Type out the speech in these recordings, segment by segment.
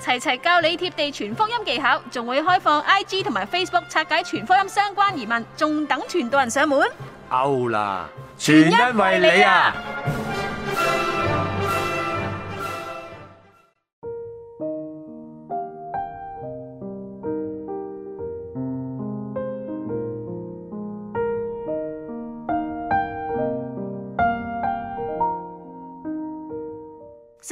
齊齊教你貼地傳福音技巧，仲會開放 IG 同埋 Facebook 拆解傳福音相關疑問，仲等傳道人上門。歐啦，全因為你啊！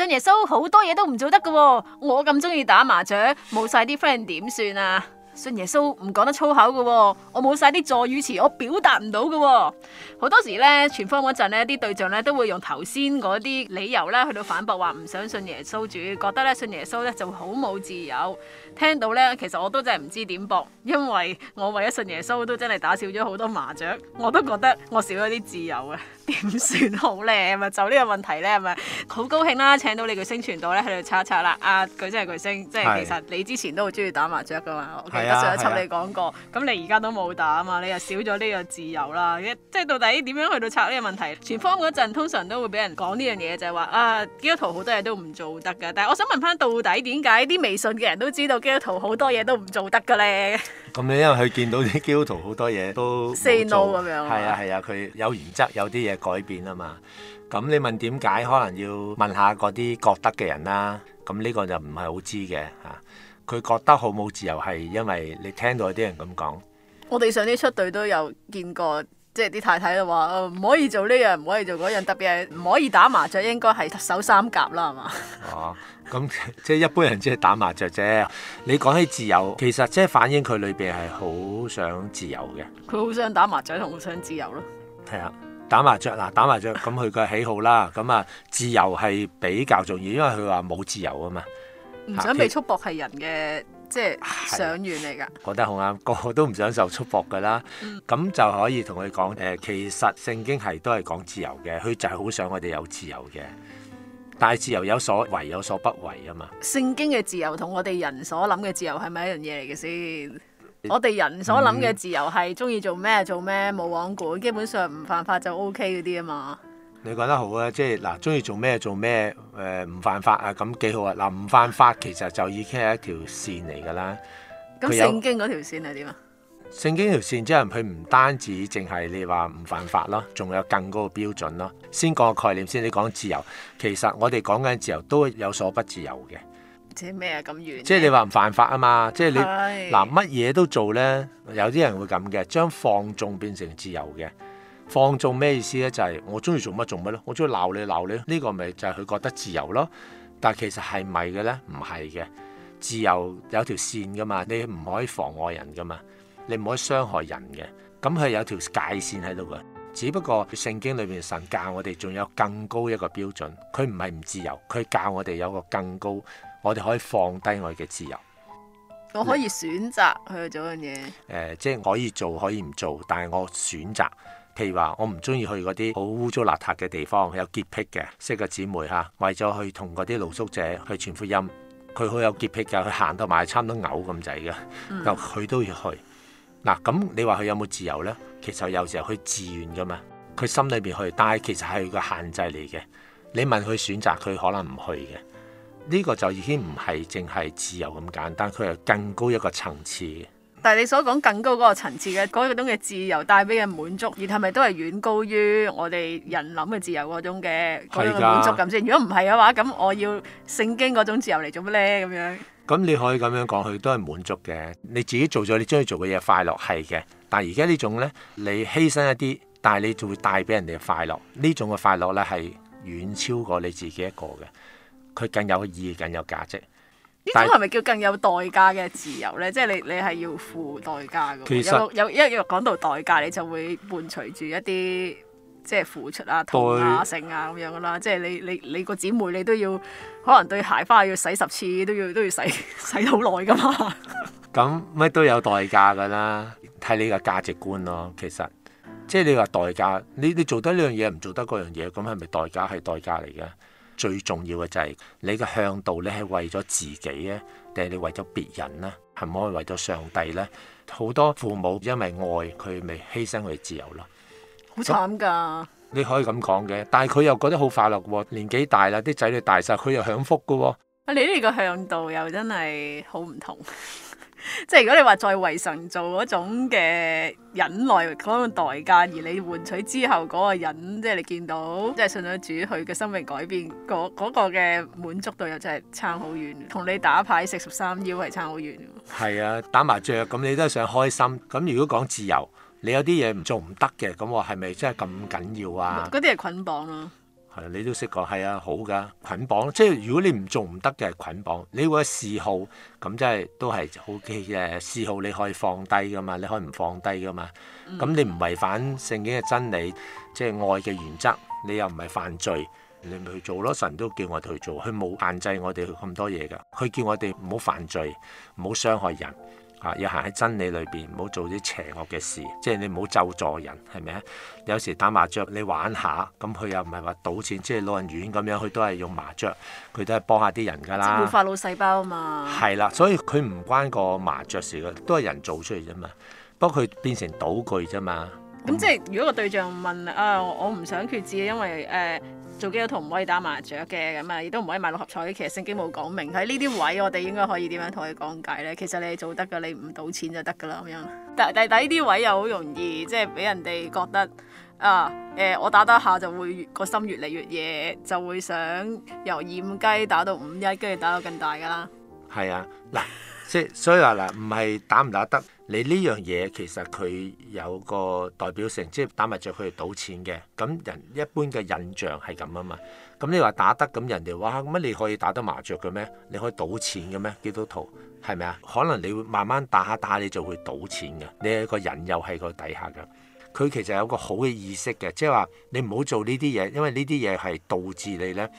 信耶穌好多嘢都唔做得噶喎，我咁中意打麻雀，冇晒啲 friend 點算啊？信耶穌唔講得粗口噶喎，我冇晒啲助語詞，我表達唔到噶。好多時咧，傳福音嗰陣咧，啲對象咧都會用頭先嗰啲理由咧去到反駁，話唔想信耶穌主，主要覺得咧信耶穌咧就好冇自由。聽到咧，其實我都真係唔知點駁，因為我為咗信耶穌都真係打少咗好多麻雀，我都覺得我少咗啲自由啊，點 算好咧？咁啊 就呢個問題咧，咁咪好高興啦，請到你巨星傳道咧喺度拆一拆啦。阿、啊、巨星係巨星，即係其實你之前都好中意打麻雀噶嘛，啊、我記得上一輯你講過，咁、啊啊、你而家都冇打啊嘛，你又少咗呢個自由啦。即係到底點樣去到拆呢個問題？前方嗰陣通常都會俾人講呢樣嘢就係、是、話啊，基督徒好多嘢都唔做得噶，但係我想問翻到底點解啲未信嘅人都知道？基督徒好多嘢都唔做得嘅咧，咁你 因為佢見到啲基督徒好多嘢都 say no 咁樣，係啊係啊，佢、啊、有原則，有啲嘢改變啊嘛。咁你問點解？可能要問下嗰啲覺得嘅人啦。咁呢個就唔係好知嘅吓。佢、啊、覺得好冇自由係因為你聽到有啲人咁講。 我哋上啲出隊都有見過。即係啲太太就話，呃、唔可以做呢樣，唔可以做嗰樣，特別係唔可以打麻雀，應該係守三甲啦，係嘛？哦，咁、嗯、即係一般人只係打麻雀啫。你講起自由，其實即係反映佢裏邊係好想自由嘅。佢好想打麻雀同好想自由咯。係啊，打麻雀嗱，打麻雀咁佢個喜好啦。咁啊，自由係比較重要，因為佢話冇自由啊嘛。唔想被束縛係人嘅。即係想遠嚟㗎，覺得好啱，個個都唔想受束縛㗎啦。咁、嗯、就可以同佢講誒，其實聖經係都係講自由嘅，佢就係好想我哋有自由嘅。但係自由有所為有所不為啊嘛。聖經嘅自由同我哋人所諗嘅自由係咪一樣嘢嚟嘅先？嗯、我哋人所諗嘅自由係鍾意做咩做咩，冇王管，基本上唔犯法就 OK 嗰啲啊嘛。你講得好、呃、啊，即係嗱，中意做咩做咩，誒唔犯法啊，咁幾好啊！嗱，唔犯法其實就已經係一條線嚟㗎啦。咁聖經嗰條線係點啊？聖經條線即係佢唔單止淨係你話唔犯法咯，仲有更高嘅標準咯。先講個概念先，你講自由，其實我哋講緊自由都有所不自由嘅。即係咩啊？咁遠是？即係你話唔犯法啊嘛？即係你嗱，乜嘢都做咧，有啲人會咁嘅，將放縱變成自由嘅。放縱咩意思咧？就係、是、我中意做乜做乜咯，我中意鬧你鬧你呢、這個咪就係佢覺得自由咯。但係其實係咪嘅咧？唔係嘅，自由有條線噶嘛，你唔可以妨害人噶嘛，你唔可以傷害人嘅。咁佢有條界線喺度噶。只不過聖經裏面神教我哋仲有更高一個標準，佢唔係唔自由，佢教我哋有個更高，我哋可以放低我嘅自由。我可以選擇去做樣嘢。誒、呃，即係可以做可以唔做，但係我選擇。譬如話，我唔中意去嗰啲好污糟邋遢嘅地方，有潔癖嘅識個姊妹嚇，為咗去同嗰啲露宿者去傳福音，佢好有潔癖嘅，佢行到埋差唔多嘔咁滯嘅，佢、嗯、都要去。嗱，咁你話佢有冇自由呢？其實有時候佢自願嘅嘛，佢心裏邊去，但係其實係個限制嚟嘅。你問佢選擇，佢可能唔去嘅。呢、呢個就已經唔係淨係自由咁簡單，佢係更高一個層次。但係你所講更高嗰個層次嘅嗰種嘅自由帶俾嘅滿足，而係咪都係遠高於我哋人諗嘅自由嗰種嘅嗰個滿足感先？的如果唔係嘅話，咁我要聖經嗰種自由嚟做咩咧？咁樣咁你可以咁樣講，佢都係滿足嘅。你自己做咗你中意做嘅嘢，快樂係嘅。但係而家呢種咧，你犧牲一啲，但係你就會帶俾人哋嘅快樂。呢種嘅快樂咧係遠超過你自己一個嘅，佢更有意義，更有價值。呢種係咪叫更有代價嘅自由咧？即係你你係要付代價噶實，有有一要講到代價，你就會伴隨住一啲即係付出啊、痛啊、對性啊咁樣噶啦。即係你你你個姊妹你都要，可能對鞋翻，要洗十次都要都要洗洗好耐噶嘛。咁乜、嗯、都有代價噶啦，睇 你個價值觀咯。其實即係你話代價，你你做得呢樣嘢唔做得嗰樣嘢，咁係咪代價係代價嚟噶？最重要嘅就係你嘅向道你係為咗自己啊，定係你為咗別人咧？係唔可以為咗上帝呢？好多父母因為愛佢，咪犧牲佢自由咯，好慘㗎！你可以咁講嘅，但係佢又覺得好快樂喎。年紀大啦，啲仔女大晒，佢又享福嘅喎。啊，你呢個向道又真係好唔同。 即係如果你話再為神做嗰種嘅忍耐嗰種代價，而你換取之後嗰個人，即係你見到，即係信主主佢嘅生命改變嗰嗰、嗰個嘅滿足度又真係差好遠，同你打牌食十三幺係差好遠。係啊，打麻雀咁你都係想開心。咁如果講自由，你有啲嘢唔做唔得嘅，咁我係咪真係咁緊要啊？嗰啲係捆綁咯、啊。你都識講係啊，好噶，捆綁即係如果你唔做唔得嘅係捆綁。你會有嗜好，咁真係都係好嘅嗜好，好好，你可以放低噶嘛，你可以唔放低噶嘛。咁你唔違反聖經嘅真理，即係愛嘅原則，你又唔係犯罪，你咪去做咯。神都叫我哋去做，佢冇限制我哋去咁多嘢噶，佢叫我哋唔好犯罪，唔好傷害人。啊！要行喺真理裏邊，唔好做啲邪惡嘅事。即係你唔好咒助人，係咪啊？有時打麻雀，你玩下，咁佢又唔係話賭錢，即係老人院咁樣，佢都係用麻雀，佢都係幫下啲人㗎啦。會活化腦細胞啊嘛。係啦，所以佢唔關個麻雀事嘅，都係人做出嚟啫嘛。不過佢變成賭具啫嘛。咁、嗯、即係如果個對象問啊，我唔想決志，因為誒、呃、做基督徒唔可以打麻雀嘅，咁啊亦都唔可以買六合彩。其實聖經冇講明喺呢啲位，我哋應該可以點樣同佢講解咧？其實你係做得㗎，你唔賭錢就得㗎啦，咁樣。但係但係呢啲位又好容易，即係俾人哋覺得啊誒、呃，我打得下就會個心越嚟越野，就會想由二五雞打到五一，跟住打到更大㗎啦。係啊，嗱。即所以話嗱，唔係打唔打得，你呢樣嘢其實佢有個代表性，即係打麻雀佢係賭錢嘅。咁人一般嘅印象係咁啊嘛。咁你話打得咁人哋話，乜你可以打得麻雀嘅咩？你可以賭錢嘅咩？基督徒係咪啊？可能你會慢慢打下打下你就會賭錢嘅。你係個人又係個底下㗎。佢其實有個好嘅意識嘅，即係話你唔好做呢啲嘢，因為呢啲嘢係導致你咧。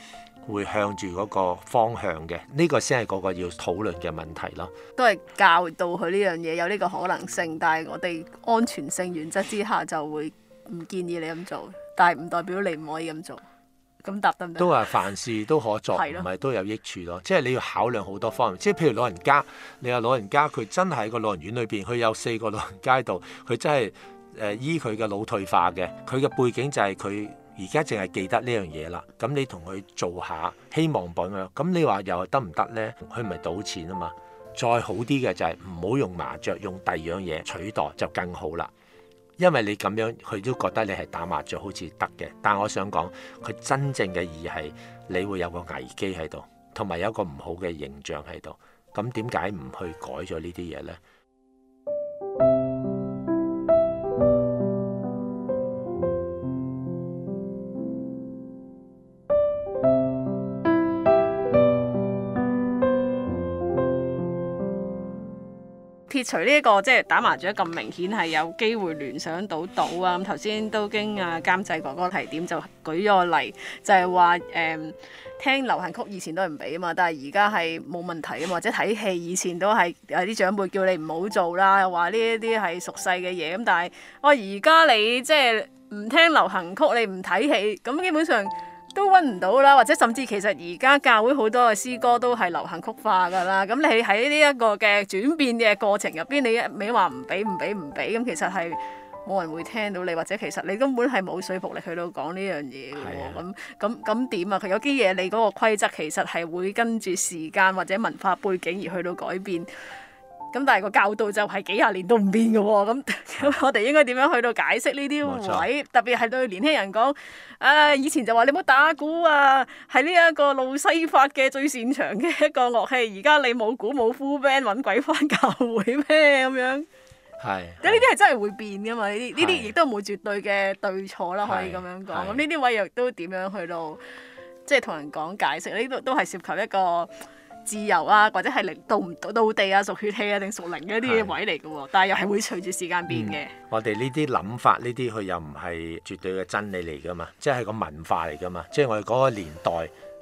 會向住嗰個方向嘅，呢、這個先係個個要討論嘅問題咯。都係教導佢呢樣嘢有呢個可能性，但係我哋安全性原則之下就會唔建議你咁做。但係唔代表你唔可以咁做。咁答得唔得？都話凡事都可做，唔係的都有益處咯。即係你要考量好多方面。即係譬如老人家，你話老人家佢真係喺個老人院裏邊，佢有四個老人家喺度，佢真係誒、呃、依佢嘅腦退化嘅，佢嘅背景就係佢。而家淨係記得呢樣嘢啦，咁你同佢做下希望本咁，你話又得唔得呢？佢唔係賭錢啊嘛，再好啲嘅就係唔好用麻雀，用第二樣嘢取代就更好啦。因為你咁樣佢都覺得你係打麻雀好似得嘅，但係我想講佢真正嘅意係你會有個危機喺度，同埋有個唔好嘅形象喺度。咁點解唔去改咗呢啲嘢呢？撇除呢、這、一個即係打麻雀咁明顯係有機會聯想到賭啊。咁頭先都經阿監製哥哥提點，就舉咗個例，就係話誒聽流行曲以前都係唔俾啊嘛，但係而家係冇問題啊嘛。或者睇戲以前都係有啲長輩叫你唔好做啦，又話呢一啲係俗世嘅嘢咁，但係我而家你即係唔聽流行曲，你唔睇戲，咁基本上。都揾唔到啦，或者甚至其實而家教會好多嘅詩歌都係流行曲化㗎喇。咁你喺呢一個嘅轉變嘅過程入邊，你一味話唔俾唔俾唔俾，咁其實係冇人會聽到你，或者其實你根本係冇說服力去到講呢樣嘢嘅喎。咁咁咁點啊？佢有啲嘢你嗰個規則其實係會跟住時間或者文化背景而去到改變。咁但係個教導就係幾廿年都唔變嘅喎，咁咁我哋應該點樣去到解釋呢啲位？錯特別係對年輕人講，啊、呃、以前就話你唔好打鼓啊，係呢一個路西法嘅最擅長嘅一個樂器。而家你冇鼓冇 full band 揾鬼返教會咩？咁樣係，呢啲係真係會變嘅嘛？呢啲呢啲亦都冇絕對嘅對錯啦，可以咁樣講。咁呢啲位亦都點樣去到即係同人講解釋？呢啲都都係涉及一個。自由啊，或者係零，到唔到地啊，屬血氣啊，定屬靈嘅一啲位嚟㗎喎，但係又係會隨住時間變嘅、嗯。我哋呢啲諗法，呢啲佢又唔係絕對嘅真理嚟噶嘛，即係個文化嚟噶嘛，即係我哋嗰個年代，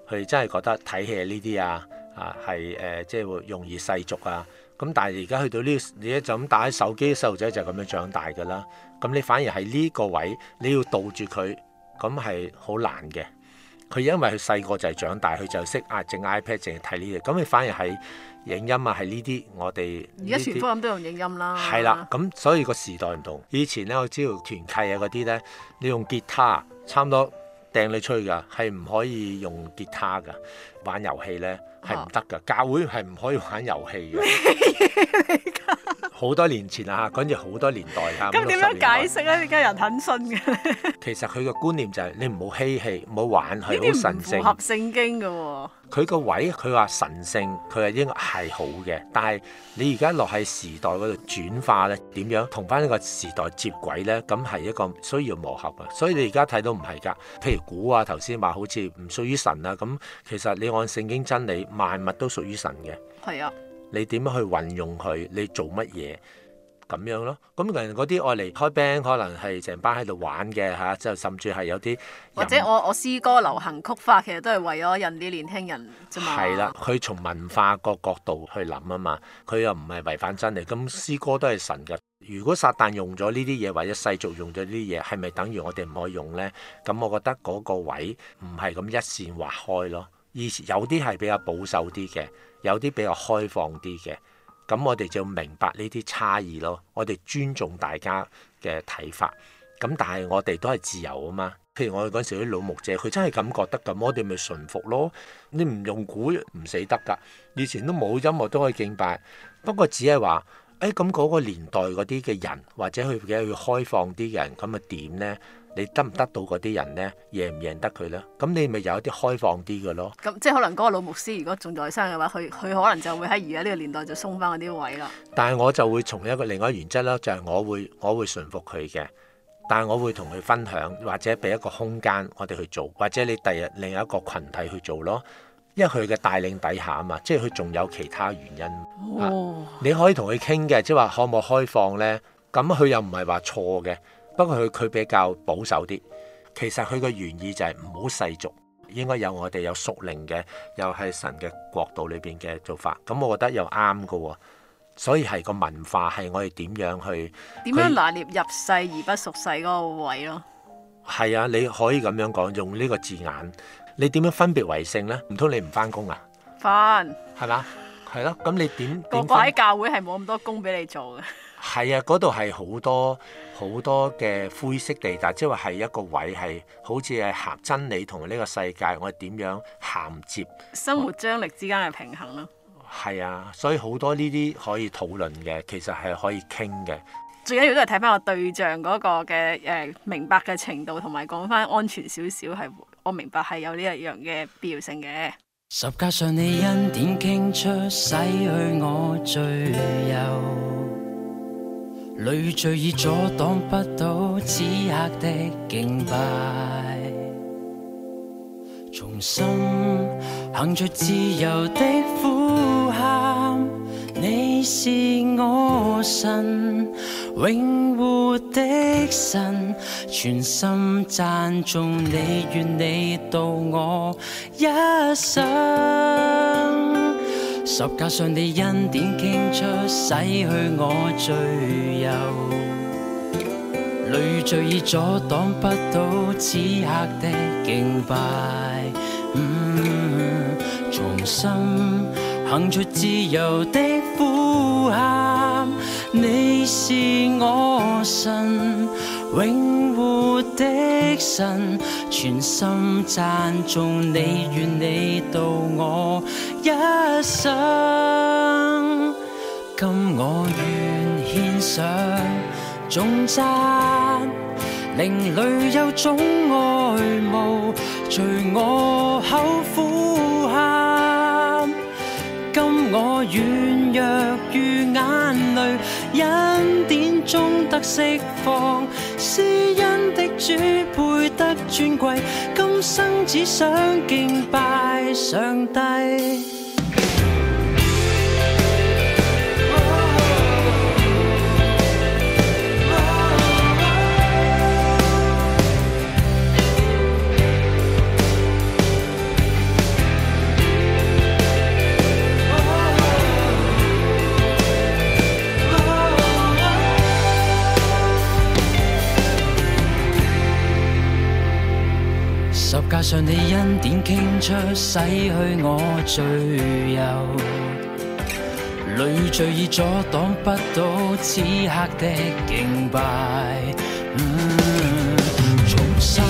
佢真係覺得睇戲呢啲啊啊，係、啊、誒、呃，即係會容易世俗啊。咁、嗯、但係而家去到呢、這個，你一就咁打開手機，細路仔就咁樣長大㗎啦。咁、嗯、你反而喺呢個位，你要導住佢，咁係好難嘅。佢因為佢細個就係長大，佢就識啊，淨 iPad 淨係睇呢啲，咁你反而係影音啊，係呢啲我哋而家全科都用影音啦。係啦的，咁、啊、所以個時代唔同。以前咧，我知道團契啊嗰啲咧，你用吉他差唔多掟你出去㗎，係唔可以用吉他㗎。玩遊戲咧，係唔得㗎。啊、教會係唔可以玩遊戲嘅。啊 好多年前啦嚇，嗰陣好多年代嚇，咁點樣解釋咧、啊？依家人肯信嘅。 其實佢個觀念就係你唔好嬉戲，唔好玩佢，好神聖。唔符合聖經嘅喎、哦。佢個位佢話神聖，佢係應該係好嘅。但係你而家落喺時代嗰度轉化咧，點樣同翻呢個時代接軌咧？咁係一個需要磨合啊。所以你而家睇到唔係㗎。譬如鼓啊，頭先話好似唔屬於神啊。咁其實你按聖經真理，萬物都屬於神嘅。係啊。你點樣去運用佢？你做乜嘢咁樣咯？咁其實嗰啲愛嚟開 band，可能係成班喺度玩嘅嚇，就、啊、甚至係有啲或者我我詩歌流行曲法其實都係為咗引啲年輕人啫嘛。係啦，佢從文化個角度去諗啊嘛，佢又唔係違反真理。咁詩歌都係神嘅，如果撒旦用咗呢啲嘢，或者世俗用咗呢啲嘢，係咪等於我哋唔可以用呢？咁我覺得嗰個位唔係咁一線劃開咯，以前有啲係比較保守啲嘅。有啲比較開放啲嘅，咁我哋就明白呢啲差異咯。我哋尊重大家嘅睇法，咁但係我哋都係自由啊嘛。譬如我哋嗰陣時啲老牧者，佢真係咁覺得，咁我哋咪順服咯。你唔用鼓唔死得㗎。以前都冇音樂都可以敬拜，不過只係話，誒咁嗰個年代嗰啲嘅人或者佢嘅佢開放啲嘅人，咁啊點咧？你得唔得到嗰啲人呢？贏唔贏得佢呢？咁你咪有一啲開放啲嘅咯。咁即係可能嗰個老牧師如果仲在生嘅話，佢佢可能就會喺而家呢個年代就鬆返嗰啲位啦。但係我就會從一個另外一個原則啦，就係、是、我會我會順服佢嘅，但係我會同佢分享，或者俾一個空間我哋去做，或者你第日另一個群體去做咯。因為佢嘅帶領底下啊嘛，即係佢仲有其他原因。哦啊、你可以同佢傾嘅，即係話可唔可開放呢？咁佢又唔係話錯嘅。不過佢佢比較保守啲，其實佢個原意就係唔好世俗，應該有我哋有屬靈嘅，又係神嘅國度裏邊嘅做法。咁我覺得又啱噶，所以係個文化係我哋點樣去點樣拿捏入世而不屬世嗰個位咯。係它啊，你可以咁樣講，用呢個字眼，你點樣分別為聖呢？唔通你唔翻工啊？翻，係嘛？係咯，咁、啊、你點？個個喺教會係冇咁多工俾你做嘅。係啊，嗰度係好多好多嘅灰色地帶，即係話係一個位係好似係合真理同呢個世界，我哋點樣銜接生活張力之間嘅平衡咯。係啊，所以好多呢啲可以討論嘅，其實係可以傾嘅。最緊要都係睇翻個對象嗰個嘅誒、呃、明白嘅程度，同埋講翻安全少少係我明白係有呢一樣嘅必要性嘅。十加上你恩典傾出，洗去我罪疚。累贅已阻擋不到此刻的敬拜，重新行着自由的呼喊，你是我神永活的神，全心讚頌你，願你導我一生。十架上你恩典傾出，洗去我罪疚，累贅已阻擋不到此刻的敬拜。從、嗯、心哼出自由的呼喊，你是我神永活的神，全心讚頌你，願你導我，一生，今我願獻上，眾讚，另裏有種愛慕，隨我口呼喊。今我軟弱於眼淚，恩典中得釋放。施恩的主配得尊貴，今生只想敬拜上帝。洗去我罪疚，累贅已阻擋不到此刻的敬拜。衷、嗯、心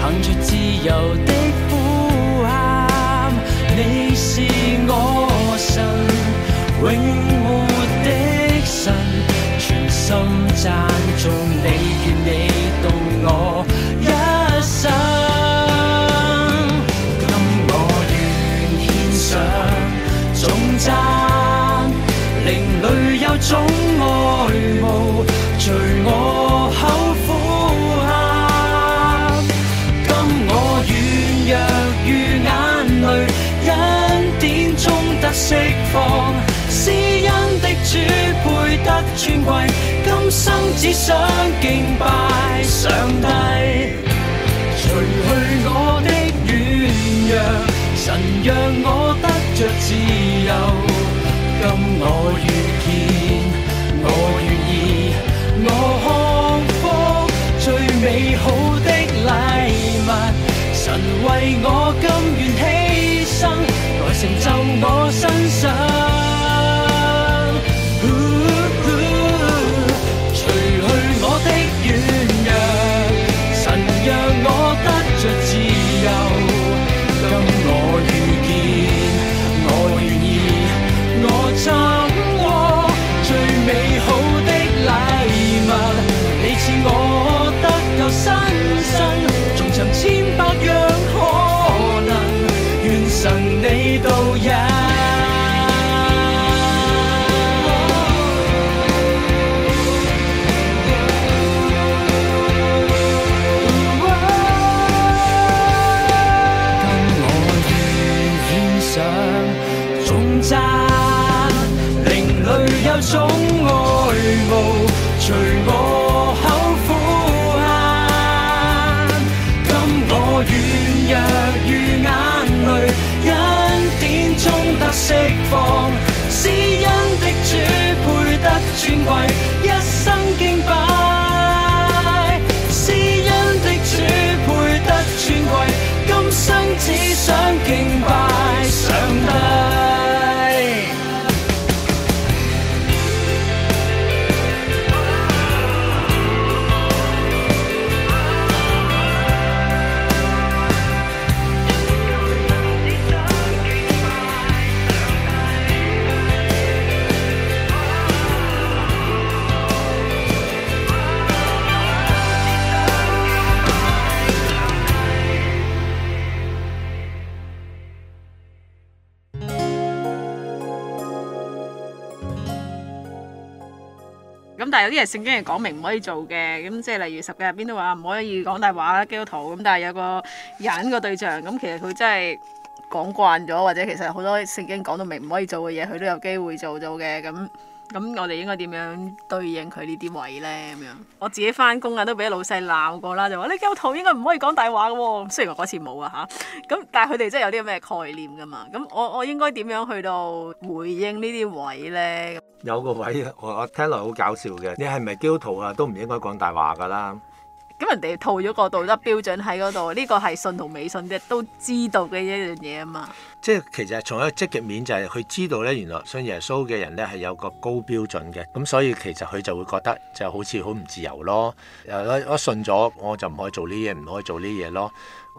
憑住自由的呼喊，你是我神永活的神，全心讚頌。種愛慕隨我口呼喊，今我軟弱於眼淚，恩典中得釋放，施恩的主配得尊貴，今生只想敬拜上帝。有啲係聖經係講明唔可以做嘅，咁即係例如十戒入邊都話唔可以講大話啦，基督徒咁。但係有個人個對象，咁其實佢真係講慣咗，或者其實好多聖經講到明唔可以做嘅嘢，佢都有機會做到嘅。咁咁，我哋應該點樣對應佢呢啲位咧咁樣？我自己翻工啊，都俾老細鬧過啦，就話你基督徒應該唔可以講大話嘅喎。雖然我嗰次冇啊吓，咁但係佢哋真係有啲咩概念噶嘛。咁我我應該點樣去到回應呢啲位咧？有個位呀，我我聽落好搞笑嘅。你係咪係基督徒啊？都唔應該講大話㗎啦。咁人哋套咗個道德標準喺嗰度，呢個係信同未信嘅都知道嘅一樣嘢啊嘛。即係其實從一個積極面就係、是、佢知道咧，原來信耶穌嘅人咧係有個高標準嘅。咁所以其實佢就會覺得就好似好唔自由咯。誒，我信咗，我就唔可以做呢嘢，唔可以做呢嘢咯。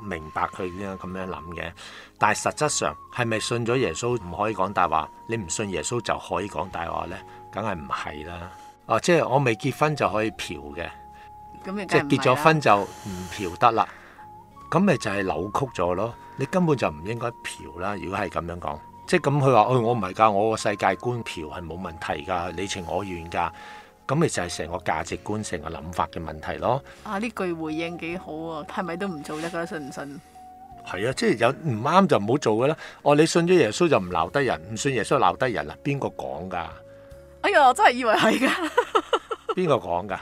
明白佢點樣咁樣諗嘅，但係實質上係咪信咗耶穌唔可以講大話？你唔信耶穌就可以講大話呢？梗係唔係啦？哦、啊，即係我未結婚就可以嫖嘅，即係結咗婚就唔嫖得啦。咁咪就係扭曲咗咯？你根本就唔應該嫖啦！如果係咁樣講，即係咁佢話：哦，我唔係㗎，我個世界觀嫖係冇問題㗎，你情我願㗎。咁咪就係成個價值觀、性嘅諗法嘅問題咯。啊，呢句回應幾好啊！係咪都唔做得噶？信唔信？係啊，即係有唔啱就唔好做噶啦。哦，你信咗耶穌就唔鬧得人，唔信耶穌鬧得人啊？邊個講噶？哎呀，我真係以為係噶。邊個講噶？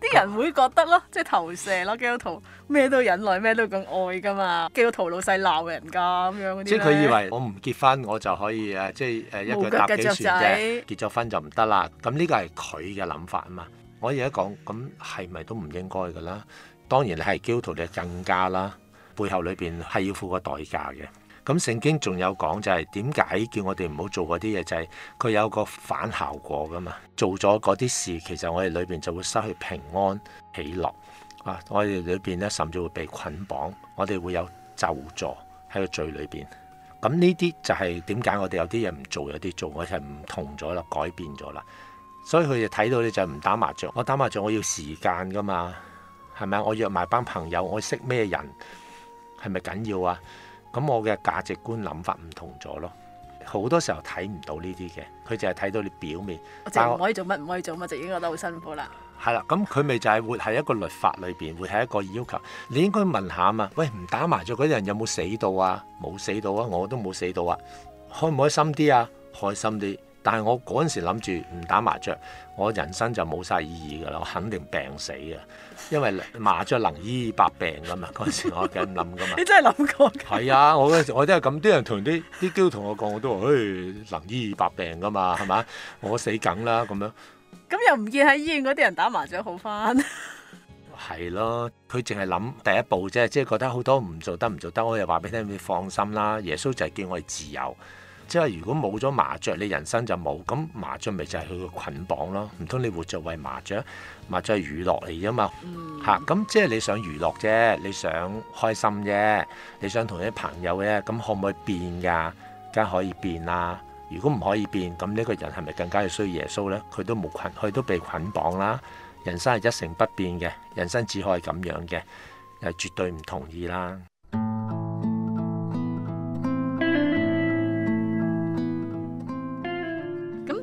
啲人會覺得咯，即係投射咯，基督徒咩都忍耐，咩都咁愛噶嘛，基督徒老細鬧人㗎。咁樣嗰啲即係佢以為我唔結婚，我就可以誒，即係誒一腳踏幾船啫。結咗婚就唔得啦。咁呢個係佢嘅諗法啊嘛。我而家講，咁係咪都唔應該㗎啦？當然你係基督徒你更加啦，背後裏邊係要付個代價嘅。咁聖經仲有講，就係點解叫我哋唔好做嗰啲嘢？就係佢有個反效果噶嘛。做咗嗰啲事，其實我哋裏邊就會失去平安喜樂啊！我哋裏邊咧甚至會被捆綁，我哋會有咒詛喺個罪裏邊。咁呢啲就係點解我哋有啲嘢唔做，有啲做，我就係唔同咗啦，改變咗啦。所以佢哋睇到你就唔打麻雀，我打麻雀我要時間噶嘛，係咪啊？我約埋班朋友，我識咩人係咪緊要啊？咁我嘅價值觀諗法唔同咗咯，好多時候睇唔到呢啲嘅，佢淨係睇到你表面。但係唔可以做乜唔我可以做乜，就已經覺得好辛苦啦。係啦，咁佢咪就係活喺一個律法裏邊，活喺一個要求。你應該問下啊嘛，喂，唔打麻雀嗰啲人有冇死到啊？冇死到啊？我都冇死到啊！開唔開心啲啊？開心啲。但係我嗰陣時諗住唔打麻雀，我人生就冇晒意義㗎啦，我肯定病死㗎！因為麻將能醫百病噶嘛，嗰陣時我咁諗噶嘛。 你真係諗過㗎？係啊，我嗰陣時我真係咁，啲人同啲啲嬌同我講，我都話，誒，能醫百病㗎嘛，係嘛？我死梗啦咁樣。咁 又唔見喺醫院嗰啲人打麻將好翻。係 咯，佢淨係諗第一步啫，即係覺得好多唔做得唔做得，我又話俾你聽，你放心啦，耶穌就係叫我哋自由。即係如果冇咗麻雀，你人生就冇。咁麻雀咪就係佢嘅捆綁咯。唔通你活着為麻雀？麻雀係娛樂嚟㗎嘛。嚇、嗯，咁、啊、即係你想娛樂啫，你想開心啫，你想同啲朋友啫。咁可唔可以變㗎？梗係可以變啦。如果唔可以變，咁呢個人係咪更加要需要耶穌咧？佢都冇捆，佢都被捆綁啦。人生係一成不變嘅，人生只可以咁樣嘅，係絕對唔同意啦。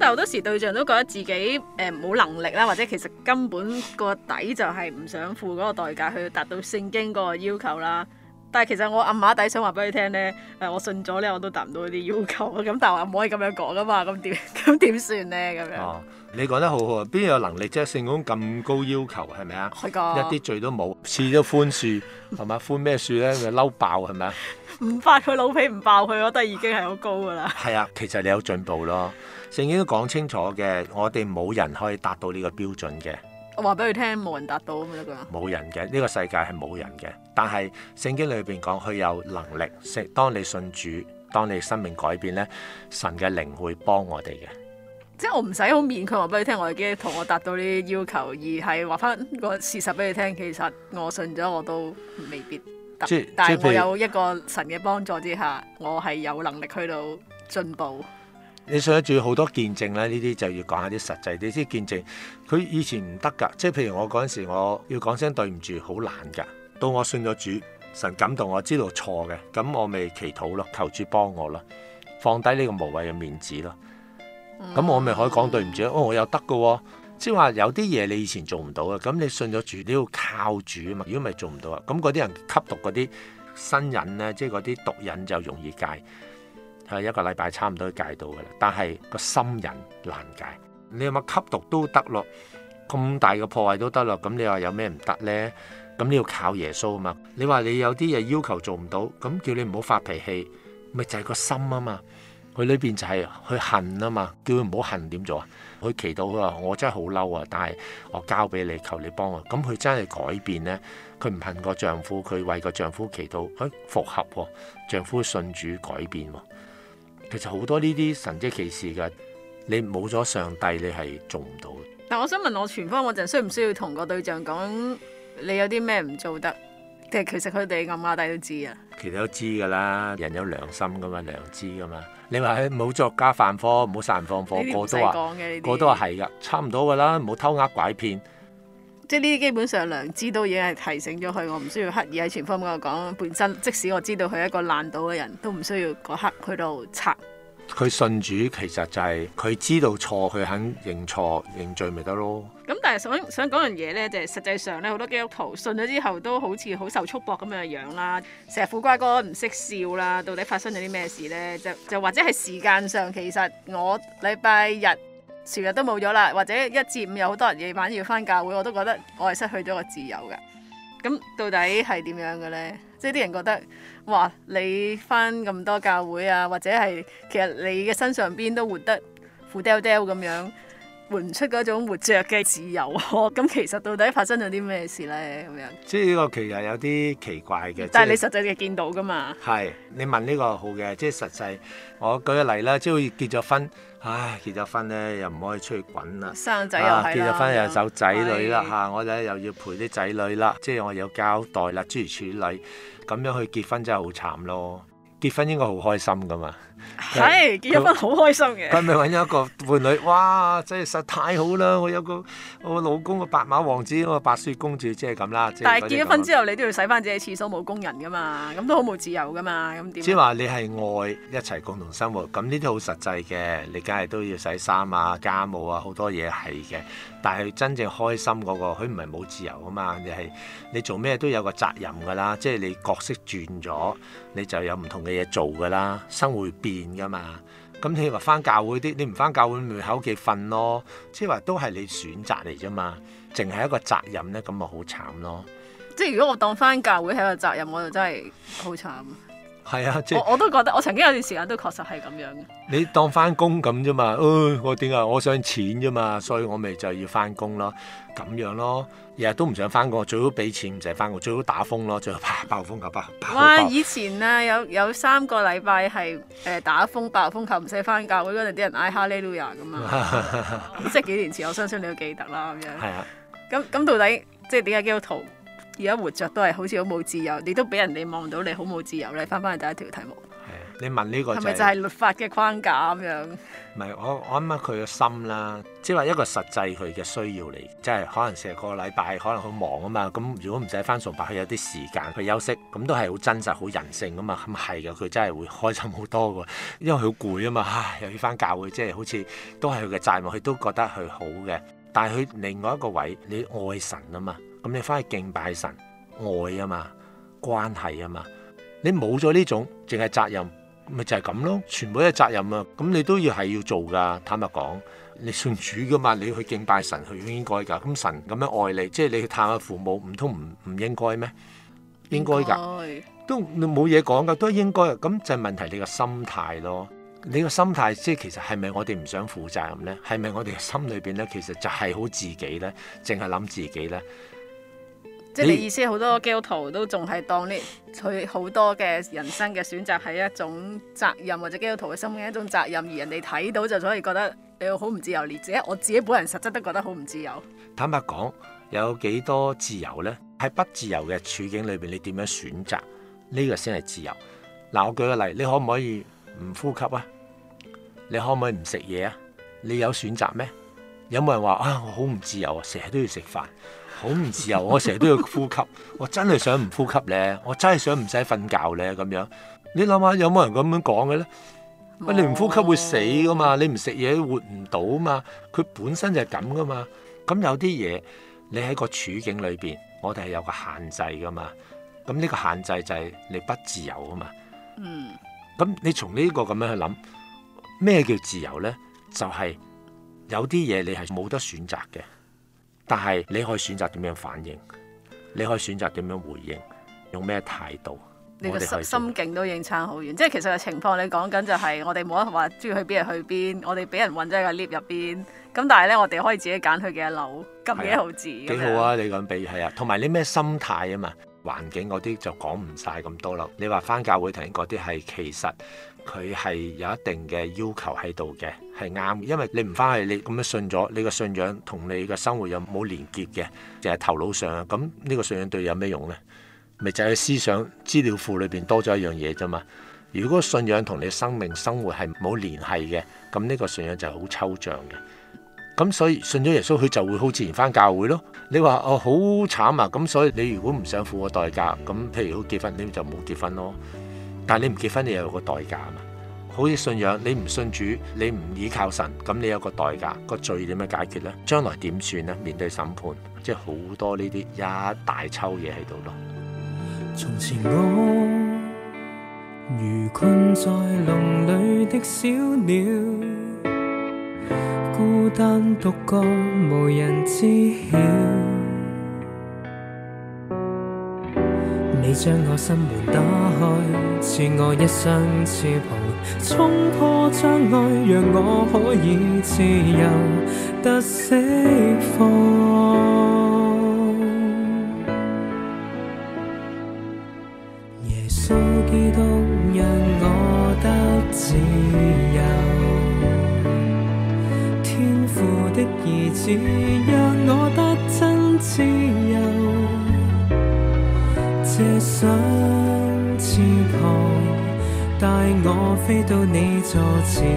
好多時對象都覺得自己誒冇能力啦，或者其實根本個底就係唔想付嗰個代價去達到聖經嗰個要求啦。但係其實我暗馬底想話俾你聽咧，誒，我信咗咧，我都達唔到呢啲要求啊。咁但係我唔可以咁樣講噶嘛。咁點咁點算咧？咁樣你講得好好，邊有能力啫？即係聖公咁高要求係咪啊？係噶，一啲罪都冇，次都寬恕係嘛？寬咩恕咧？佢嬲爆係咪啊？唔發佢老脾唔爆佢，我都已經係好高噶啦。係啊，其實你有進步咯。聖經都講清楚嘅，我哋冇人可以達到呢個標準嘅。我話俾佢聽，冇人達到咁得噶。冇人嘅呢，呢個世界係冇人嘅，但係聖經裏邊講佢有能力。當你信主，當你生命改變咧，神嘅靈會幫我哋嘅。即係我唔使好勉強話俾你聽，我已經同我達到呢啲要求，而係話翻個事實俾你聽。其實我信咗我都未必得。即但係我有一個神嘅幫助之下，我係有能力去到進步。你信咗主好多見證咧，呢啲就要講下啲實際啲先見證。佢以前唔得噶，即係譬如我嗰陣時，我要講聲對唔住，好難噶。到我信咗主，神感動我知道錯嘅，咁我咪祈禱咯，求主幫我咯，放低呢個無謂嘅面子咯。咁我咪可以講對唔住哦，我又得噶，即係話有啲嘢你以前做唔到嘅，咁你信咗主都要靠主啊嘛。如果唔係做唔到啊，咁嗰啲人吸毒嗰啲新癮咧，即係嗰啲毒癮就容易戒，係一個禮拜，差唔多戒到噶啦。但係個心人難戒，你有冇吸毒都得咯，咁大嘅破壞都得咯。咁你話有咩唔得呢？咁你要靠耶穌啊嘛。你話你有啲嘢要求做唔到，咁叫你唔好發脾氣，咪就係個心啊嘛。佢裏邊就係、是、佢恨啊嘛，叫佢唔好恨點做啊？佢祈禱佢話：我真係好嬲啊，但係我交俾你，求你幫我。咁佢真係改變呢？佢唔恨個丈夫，佢為個丈夫祈禱，佢、哎、復合喎、啊，丈夫信主改變喎、啊。其實好多呢啲神跡奇事嘅，你冇咗上帝，你係做唔到。但我想問我傳福音嗰陣，需唔需要同個對象講你有啲咩唔做得？其實其實佢哋暗啞底都知啊。其實都知㗎啦，人有良心㗎嘛，良知㗎嘛。你話佢冇作奸犯科，唔好殺人放火，個都話個些都話係㗎，差唔多㗎啦，唔好偷呃拐騙。即係呢啲基本上良知都已經係提醒咗佢，我唔需要刻意喺前方咁樣講。本身即使我知道佢係一個爛賭嘅人都唔需要嗰刻去到拆。佢信主其實就係佢知道錯，佢肯認錯認罪咪得咯。咁但係想想講樣嘢呢，就係、是、實際上咧好多基督徒信咗之後都好似好受束縛咁嘅樣啦，成日苦瓜乾唔識笑啦。到底發生咗啲咩事呢？就就或者係時間上，其實我禮拜日，全日都冇咗啦，或者一至五有好多人夜晚要返教會，我都覺得我係失去咗個自由噶。咁到底係點樣嘅呢？即係啲人覺得，哇！你返咁多教會啊，或者係其實你嘅身上邊都活得富屌屌咁樣，換出嗰種活着嘅自由。咁、 嗯、其實到底發生咗啲咩事呢？咁樣即係呢個其實個有啲奇怪嘅。但係你實際嘅見到噶嘛？係、就是、你問呢個好嘅，即、就、係、是、實際我舉個例啦，即係結咗婚。唉，結咗婚咧又唔可以出去滾啦，生仔就又結咗婚又走仔女啦嚇是、啊，我哋又要陪啲仔女啦，即係我有交代啦，諸如此類，咁樣去結婚真係好慘咯，結婚應該好開心噶嘛。係是是結咗婚好開心嘅，佢咪搵咗一個伴侶， 哇！真係實太好啦！我有個我老公個白馬王子，我白雪公主即係咁啦。就是就是，但係結咗婚之後，樣你都要洗返自己廁所冇工人噶嘛，咁都好冇自由噶嘛，咁點？即係話你係愛一齊共同生活，咁呢啲好實際嘅，你梗係都要洗衫啊、家務啊，好多嘢係嘅。但係真正開心嗰、那個，佢唔係冇自由啊嘛，你係你做咩都有個責任噶啦，即係你角色轉咗，你就有唔同嘅嘢做噶啦，生活。噶嘛？咁你話翻教會啲，你唔翻教會咪喺屋企瞓咯？即係話都係你選擇嚟啫嘛，淨係一個責任咧，咁咪好慘咯。即係如果我當翻教會係個責任，我就真係好慘。係啊，即我，我都覺得，我曾經有段時間都確實係咁樣嘅。你當翻工咁啫嘛，我點啊，我想錢啫嘛，所以我咪就要翻工咯，咁樣咯，日日都唔想翻工，最好俾錢唔使翻工，最好打風咯，最好爆風球，爆爆。哇！以前啊，有有三個禮拜係誒打風爆風球，唔使翻教會嗰陣，啲人嗌哈利路亞咁啊， 即係幾年前，我相信你都記得啦咁樣。係啊。咁咁到底即係點解基督徒？而家活着都係好似好冇自由，你都俾人哋望到你好冇自由。你翻返去第一條題目，係你問呢個、就是，係咪就係律法嘅框架咁樣？唔係我我諗下佢嘅心啦，即係話一個實際佢嘅需要嚟，即係可能成個禮拜可能好忙啊嘛。咁如果唔使翻崇拜，佢有啲時間去休息，咁都係好真實、好人性啊嘛。咁係嘅，佢真係會開心好多嘅，因為佢好攰啊嘛，唉，又要翻教會，即係好似都係佢嘅債務，佢都覺得佢好嘅。但係佢另外一個位，你愛神啊嘛。咁你翻去敬拜神愛啊嘛，關係啊嘛，你冇咗呢種，淨係責任，咪就係咁咯，全部都係責任啊，咁你都要係要做噶，坦白講，你信主噶嘛，你去敬拜神，佢應該噶，咁神咁樣愛你，即係你去探下父母，唔通唔唔應該咩？應該噶，都冇嘢講噶，都應該，咁就係問題你個心態咯，你個心態即係其實係咪我哋唔想負責任咧？係咪我哋心裏邊咧，其實就係好自己咧，淨係諗自己咧？即係你意思，好多基督徒都仲係當你佢好多嘅人生嘅選擇係一種責任，或者基督徒嘅心嘅一種責任，而人哋睇到就所以覺得你好唔自由。你自己，我自己本人實質都覺得好唔自由。坦白講，有幾多自由呢？喺不自由嘅處境裏邊，你點樣選擇？呢個先係自由。嗱，我舉個例，你可唔可以唔呼吸啊？你可唔可以唔食嘢啊？你有選擇咩？有冇人話啊？我好唔自由啊！成日都要食飯。好唔自由，我成日都要呼吸， 我真係想唔呼吸咧，我真係想唔使瞓覺咧咁樣。你諗下有冇人咁樣講嘅咧？喂、哦啊，你唔呼吸會死噶嘛？你唔食嘢，活唔到嘛？佢本身就係咁噶嘛。咁有啲嘢，你喺個處境裏邊，我哋係有個限制噶嘛。咁呢個限制就係你不自由啊嘛。嗯。咁你從呢個咁樣去諗咩叫自由咧？就係、是、有啲嘢你係冇得選擇嘅。但係你可以選擇點樣反應，你可以選擇點樣回應，用咩態度？你個心，心境都已經差好遠。即係其實個情況，你講緊就係我哋冇得話，中意去邊去邊，我哋俾人韞咗一個 lift 入邊。咁但係咧，我哋可以自己揀去幾多樓，撳幾多字。幾、啊、好啊！你講比喻，係啊，同埋你咩心態啊嘛，環境嗰啲就講唔晒咁多啦。你話返教會同嗰啲係其實。佢係有一定嘅要求喺度嘅，係啱。因為你唔翻去，你咁樣信咗，你個信仰同你嘅生活有冇連結嘅，淨係頭腦上。咁呢個信仰對你有咩用呢？咪就係思想資料庫裏邊多咗一樣嘢啫嘛。如果信仰同你生命生活係冇聯繫嘅，咁呢個信仰就好抽象嘅。咁所以信咗耶穌，佢就會好自然翻教會咯。你話哦，好慘啊！咁所以你如果唔想付個代價，咁譬如都結婚，你就冇結婚咯。但你唔結婚，你又有個代價嘛！好似信仰，你唔信主，你唔依靠神，咁你有個代價，個罪點樣解決呢？將來點算呢？面對審判，即係好多呢啲一大抽嘢喺度咯。從前我如困在籠裏的小鳥，孤單獨個，無人知曉。你將我心門打開。賜我一雙翅膀，衝破障礙，讓我可以自由得釋放。耶穌基督讓我得自由，天父的兒子讓我得真自由，這生。翅膀帶我飛到你座前，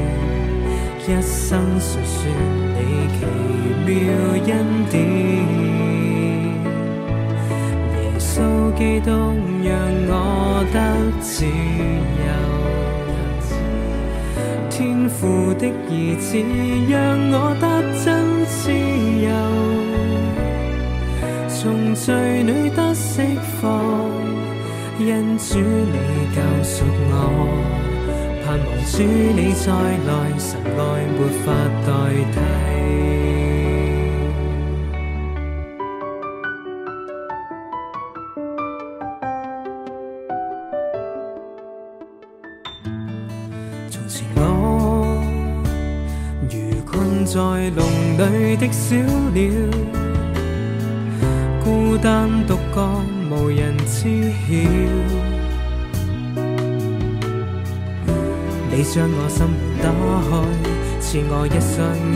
一生述説你奇妙恩典。耶穌基督讓我得自由，天父的兒子讓我得真自由，從罪裏得釋放。因主你救贖我，盼望主你再來，神愛沒法代替。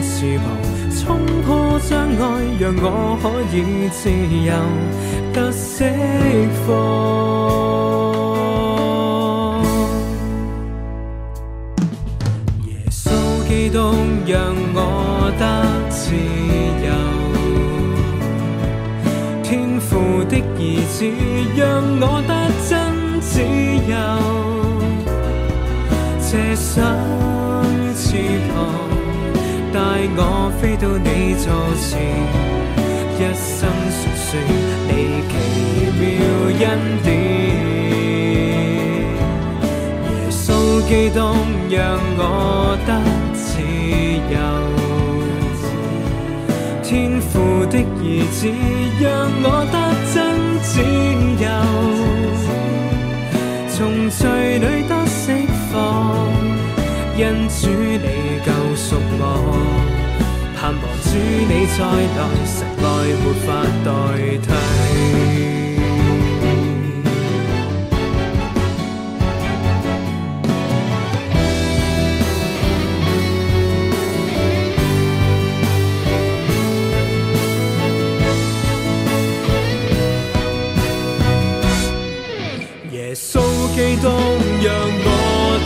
衝破障礙，讓我可以自由得釋放。天父的兒子，讓我得真自由，從罪裏得釋放。因主你救贖我，盼望主你再來，實愛沒法代替。讓我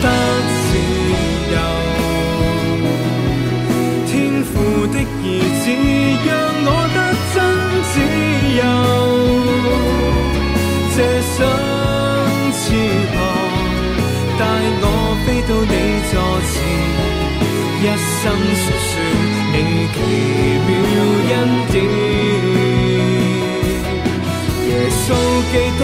得自由，天父的兒子，讓我得真自由。這雙翅膀帶我飛到你座前，一生說說你奇妙恩典，耶穌基督。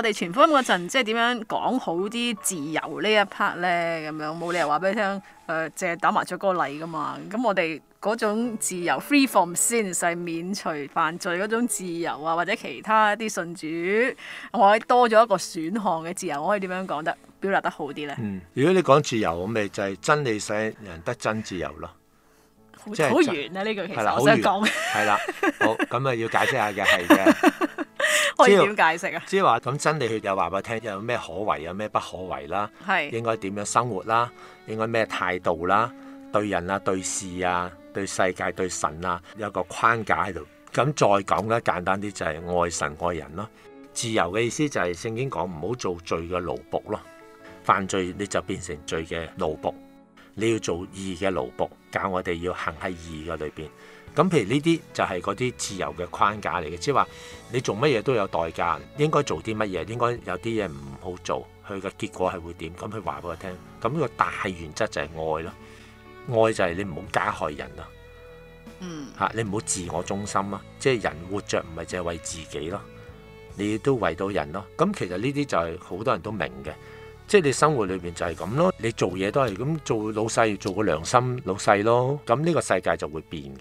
我哋傳福音嗰陣，即係點樣講好啲自由一呢一 part 咧？咁樣冇理由話俾你聽，誒、呃，淨係打麻雀嗰個例噶嘛。咁我哋嗰種自由 （free from sin） 就係免除犯罪嗰種自由啊，或者其他一啲信主，我多咗一個選項嘅自由，我可以點樣講得表達得好啲咧？如果你講自由，咁咪就係、是、真理使人得真自由咯、就是。好完啊！呢句其實想講，係啦，好咁啊、嗯，要解釋下嘅係嘅。 可以點解釋啊？即係話咁真理佢就話俾我聽，有咩可為，有咩不可為啦，係是應該點樣生活啦？應該咩態度啦？對人啊，對事啊，對世界，對神啊，有個框架喺度。咁再講咧，簡單啲就係愛神愛人咯，啊。自由嘅意思就係、是、聖經講唔好做罪嘅奴僕咯，犯罪你就變成罪嘅奴僕，你要做義嘅奴僕。教我哋要行喺義嘅裏邊，咁譬如呢啲就係嗰啲自由嘅框架嚟嘅，即係話你做乜嘢都有代價，應該做啲乜嘢，應該有啲嘢唔好做，佢嘅結果係會點？咁佢話俾我聽，咁、呢個大原則就係愛咯，愛就係你唔好加害人、嗯、啊，嗯你唔好自我中心啊，即係人活着唔係淨係為自己咯，你都為到人咯。咁其實呢啲就係好多人都明嘅。即係你生活裏邊就係咁咯，你做嘢都係咁做老細，做個良心老細咯。咁呢個世界就會變嘅。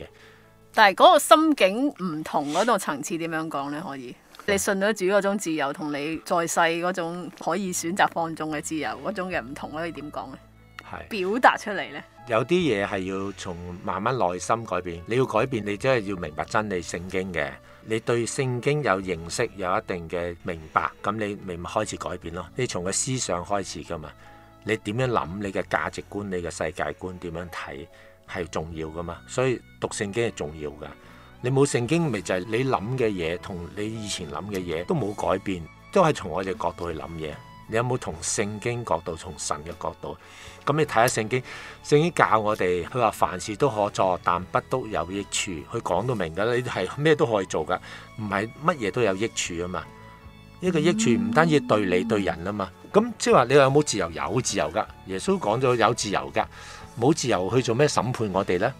但係嗰個心境唔同嗰個層次，點樣講呢？可以，你信咗主嗰種自由，同你在世嗰種可以選擇放縱嘅自由嗰種嘅唔同咯。可以你點講呢？係是表達出嚟呢。有啲嘢係要從慢慢內心改變。你要改變，你真係要明白真理、聖經嘅。你對聖經有認識，有一定嘅明白，咁你咪開始改變咯。你從個思想開始噶嘛，你點樣諗，你嘅價值觀，你嘅世界觀點樣睇，係重要噶嘛。所以讀聖經係重要噶。你冇聖經，咪就係你諗嘅嘢同你以前諗嘅嘢都冇改變，都係從我哋角度去諗嘢。你有冇從聖經角度，從神嘅角度？咁你睇下聖經，聖經教我哋，佢話凡事都可做，但不都有益處。佢講到明噶，你係咩都可以做噶，唔係乜嘢都有益處啊嘛。呢個益處唔單止對你、嗯、對人啊嘛。咁、嗯、即係話你，你有冇自由？有自由噶。耶穌講咗有自由噶，冇自由去做咩審判我哋呢？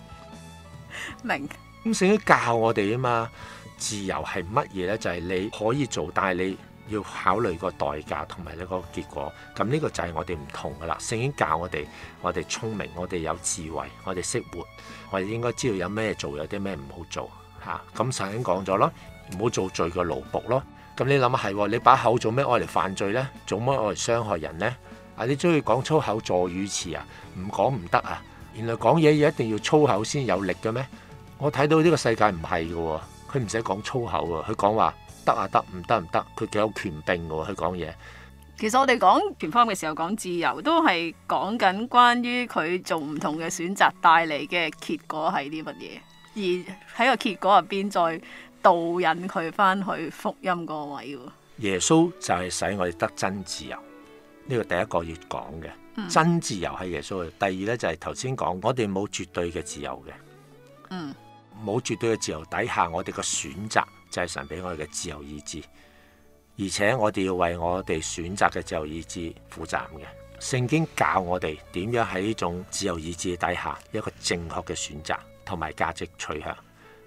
明白。咁聖經教我哋啊嘛，自由係乜嘢呢？就係、是、你可以做，但係你。要考慮個代價同埋呢個結果，咁呢個就係我哋唔同噶啦。聖經教我哋，我哋聰明，我哋有智慧，我哋識活，我哋應該知道有咩做，有啲咩唔好做嚇。咁聖經講咗咯，唔好做罪嘅奴僕咯。咁你諗下係你把口做咩？愛嚟犯罪呢？做乜愛嚟傷害人呢？啊！你中意講粗口助語詞啊？唔講唔得啊！原來講嘢一定要粗口先有力嘅咩？我睇到呢個世界唔係噶，佢唔使講粗口啊，佢講話。得啊得，唔得唔得，佢幾有權柄噶喎！佢講嘢。其實我哋講權方嘅時候，講自由都係講緊關於佢做唔同嘅選擇帶嚟嘅結果係啲乜嘢，而喺個結果入邊再導引佢翻去福音個位喎。耶穌就係使我哋得真自由，呢、這個第一個要講嘅。真自由係耶穌嘅。第二呢，就係頭先講，我哋冇絕對嘅自由嘅。嗯。冇絕對嘅自由底下，我哋嘅選擇。就係神俾我哋嘅自由意志，而且我哋要為我哋選擇嘅自由意志負責任嘅。聖經教我哋點樣喺呢種自由意志底下一個正確嘅選擇同埋價值取向。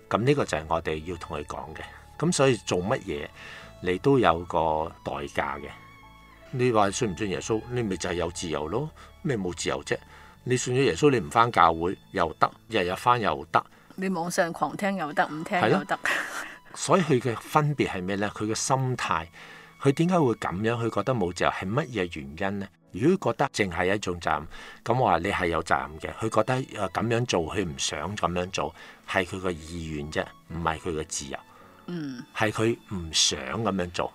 咁、這、呢個就係我哋要同佢講嘅。咁、嗯、所以做乜嘢你都有個代價嘅。你話信唔信耶穌？你咪就係有自由咯。咩冇自由啫？你信咗耶穌，你唔返教會又得，日日返又得，你網上狂聽又得，唔聽又得。的 所以佢嘅分別係咩呢？佢嘅心態，佢點解會咁樣？佢覺得冇自由係乜嘢原因呢？如果覺得淨係一種責任，咁我話你係有責任嘅。佢覺得誒咁樣做，佢唔想咁樣做，係佢個意願啫，唔係佢個自由。嗯，係佢唔想咁樣做，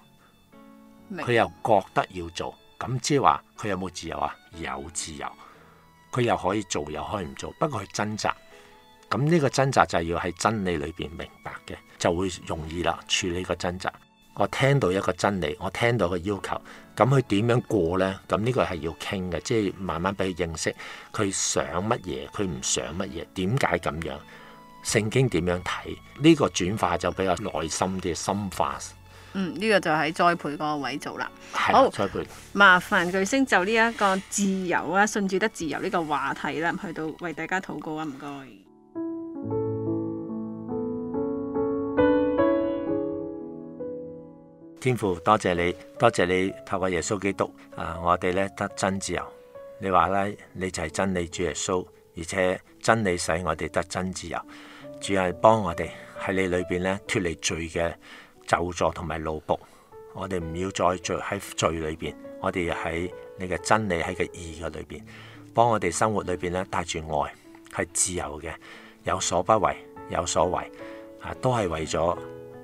佢明白。又覺得要做，咁即係話佢有冇自由啊？有自由，佢又可以做又可以唔做，不過佢掙扎。咁呢個掙扎就係要喺真理裏邊明白嘅。就會容易啦處理個掙扎。我聽到一個真理，我聽到個要求，咁佢點樣過呢？咁呢個係要傾嘅，即係慢慢俾佢認識佢想乜嘢，佢唔想乜嘢，點解咁樣？聖經點樣睇？呢個轉化就比較耐心啲，深化。嗯，呢個就喺栽培個位做啦。是好，栽培麻煩巨星就呢一個自由啊，信主得自由呢個話題啦，去到為大家禱告啊，唔該。天父，多謝你，多謝你透過耶穌基督啊！我哋咧得真自由。你話咧，你就係真理主耶穌，而且真理使我哋得真自由。主要係幫我哋喺你裏邊咧脱離罪嘅咒詛同埋奴僕，我哋唔要再罪喺罪裏邊。我哋要喺你嘅真理喺個義嘅裏邊，幫我哋生活裏邊咧帶住愛，係自由嘅，有所不為有所為啊，都係為咗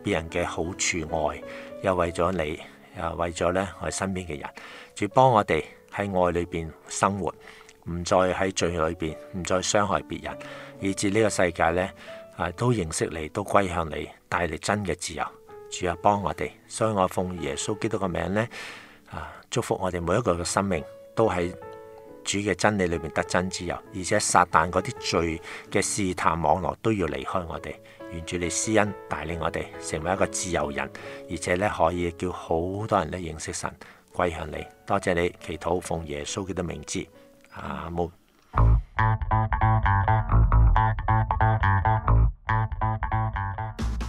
別人嘅好處愛。又為咗你，又為咗咧我哋身邊嘅人，主幫我哋喺愛裏邊生活，唔再喺罪裏邊，唔再傷害別人，以至呢個世界呢，啊都認識你，都歸向你，帶嚟真嘅自由。主啊，幫我哋，所以我奉耶穌基督個名呢，啊，祝福我哋每一個嘅生命都喺主嘅真理裏邊得真自由，而且撒旦嗰啲罪嘅試探網絡都要離開我哋。願主你施恩帶領我哋成為一個自由人，而且咧可以叫好多人都認識神，歸向你。多謝你祈禱，奉耶穌嘅名字。阿們。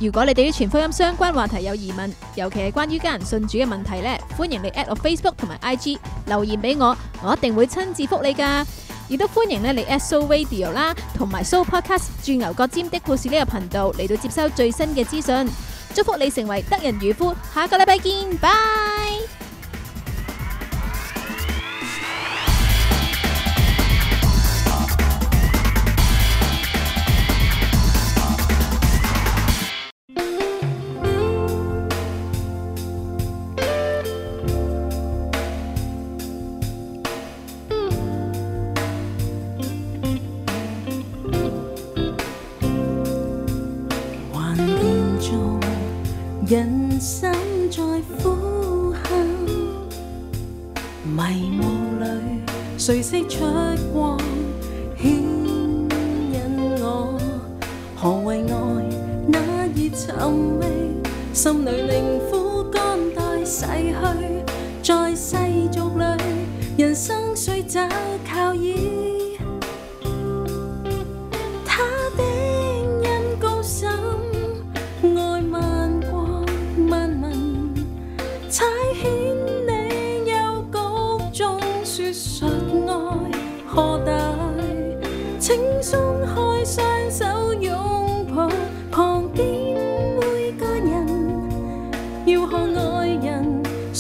如果你對於全福音相關話題有疑問，尤其係關於家人信主嘅問題咧，歡迎你 at 我 Facebook 同埋 IG 留言俾我，我一定會親自覆你噶。亦都歡迎咧嚟 Soul Radio 啦，同埋 Soul Podcast《鑽牛角尖的故事》呢個頻道嚟到接收最新嘅資訊。祝福你成為得人漁夫，下個禮拜見，拜。